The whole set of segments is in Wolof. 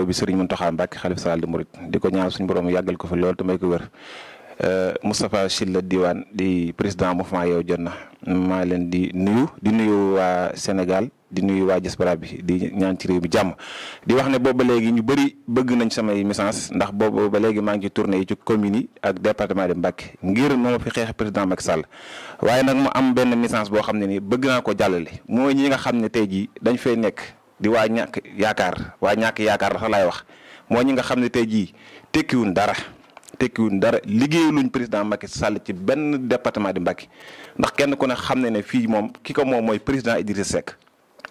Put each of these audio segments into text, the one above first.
nuyoo bi Serigne Mountakha Mbacké xalif saal di murit di ko ñaan suñu borom yàggal ko fi lool te may ko wér euh, Moustapha Sylla Diwane di président mouvement yow jot na maa leen di nuyu di nuyu waa Sénégal di nuyu waa diaspora bi di ñaan ci réew mi jàmm di wax ne booba léegi ñu bëri bëgg nañ samay message ndax boobu ba léegi maa ngi ci tournée yi ci commune yi ak département de mbakk ngir moo fi xeex président Macky Sall waaye nag mu am benn message boo xam ne ni bëgg naa ko jàllale mooy ñi nga xam ne tey jii dañ nekk. di waa ñàkk yaakaar waa ñàkk yaakaar dafa laay wax moo ñi nga xam ne tey jii tekkiwuñ dara tekkiwuñ dara liggéeyu luñ président Macky Sall ci benn département di Mbacké ndax kenn ku ne xam ne ne fii moom ki ko moom mooy président Idrissa Seck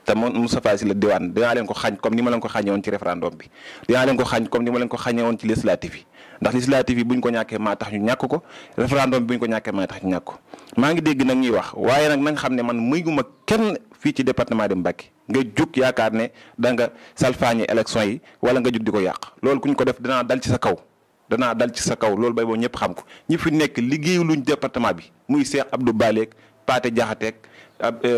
te moom Moustapha Sy la diwaan dinaa leen ko xañ comme ni ma leen ko xàññee woon ci référendum bi dinaa comme ni ma leen ko xàññee ci législative yi ndax législative yi buñ ko ñàkkee maa tax ñu ñàkk ko référendum bi buñ ko ñàkkee maa tax ñu ñàkk ko maa ngi dégg nag ñuy wax waaye na nga xam ne man muy guma kenn fii ci département di Mbacké nga jug yaakaar ne da nga salfaañi élection yi wala nga jug di ko yàq loolu ku ñu ko def danaa dal ci sa kaw danaa dal ci sa kaw loolu bay boo ñëpp xam ko ñi fi nekk liggéeyu luñ département bi muy Cheikh Abdou Baleek Paate euh, Jaxateek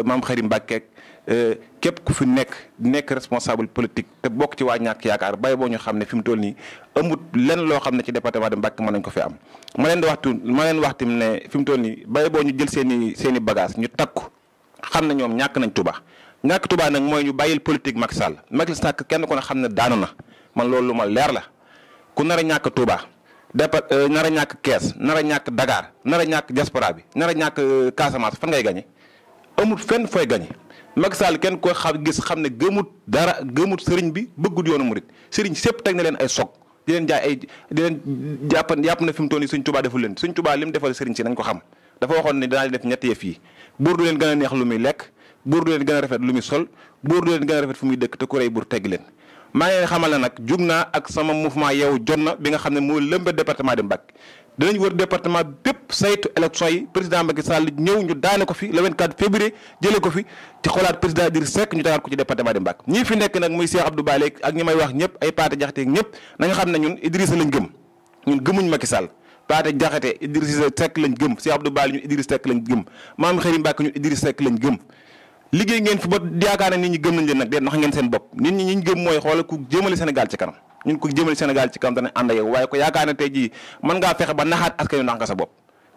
Maam Xarim Mbàkkeek euh, képp ku fi nekk nekk responsable politique te bokk ci waa ñàkk yaakaar bay boo ñu xam ne fi mu toll nii amut lenn loo xam ne ci département de Mbàkke mën nañ ko fi am ma leen di waxtu ma leen waxtim ne fi mu toll nii bay boo ñu jël seen i seen i bagage ñu takku xam ne ñoom ñàkk nañ Tuuba ñàkk tubaa nag mooy ñu bàyyil politique Macky Sall Macky Sall kenn ko ne xam ne daanu na man loolu lu ma leer la ku nar a ñàkk Touba départ euh, nar a ñàkk Kees nar a ñàkk Dakar nar ñàkk diaspora bi nar ñàkk euh, Casamance fan ngay gañe amul fenn fooy gañe Macky Sall kenn ko xam gis xam ne gëmut dara gëmut sëriñ bi bëggut yoonu murit sëriñ sépp teg na leen ay sog di leen jaay ay di leen jàpp jàpp na fi mu toll nii Sëriñ Tuubaa deful leen Sëriñ Tuubaa li mu defal sëriñ si nañ ko xam dafa waxoon ne danaa def ñett yëf yi buur du gën a neex lu muy lekk buur du leen gën a rafet lu muy sol buur du leen gën a rafet fu muy dëkk te ku rey buur tegg leen maa ngi leen xamal ne nag jug naa ak sama mouvement yow jot na bi nga xam ne moo lëmbe département de Mbacké dinañ wër département bépp saytu élection yi président Macky Sall ñëw ñu daane ko fi le 24 février jële ko fi ci xoolaat président Idriss Seck ñu dagaat ko ci département de Mbacké ñii fi nekk nag muy Cheikh Abdou Bale ak ñi may wax ñëpp ay Paate Jaxate ñëpp na nga xam ne ñun Idrissa lañ gëm ñun Sall Paate Jaxate Idriss lañ gëm Cheikh Abdou Bale ñun Idriss Seck lañ gëm Maam Xëri Mbacké ñun Idriss Seck lañ gëm liggéey ngeen fi ba yaakaar ne nit ñi gëm nañ leen nag déet nax ngeen seen bopp nit ñi ñu gëm mooy xoolal ku jëmale Sénégal ci kanam ñun ku jëmale Sénégal ci kanam dana ànd ak yow waaye ko yaakaar ne tey jii mën ngaa fexe ba naxaat askan wi nax nga sa bopp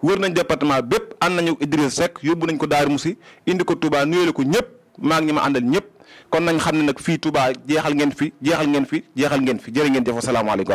wër nañ département bépp ànd nañu Idriss Seck yóbbu nañ ko Daaru Musi indi ko Touba nuyele ko ñëpp maa ngi ñi ma àndal ñëpp kon nañ xam ne nag fii tubaa jeexal ngeen fi jeexal ngeen fi jeexal ngeen fi jërë ngeen jëf asalaamaaleykum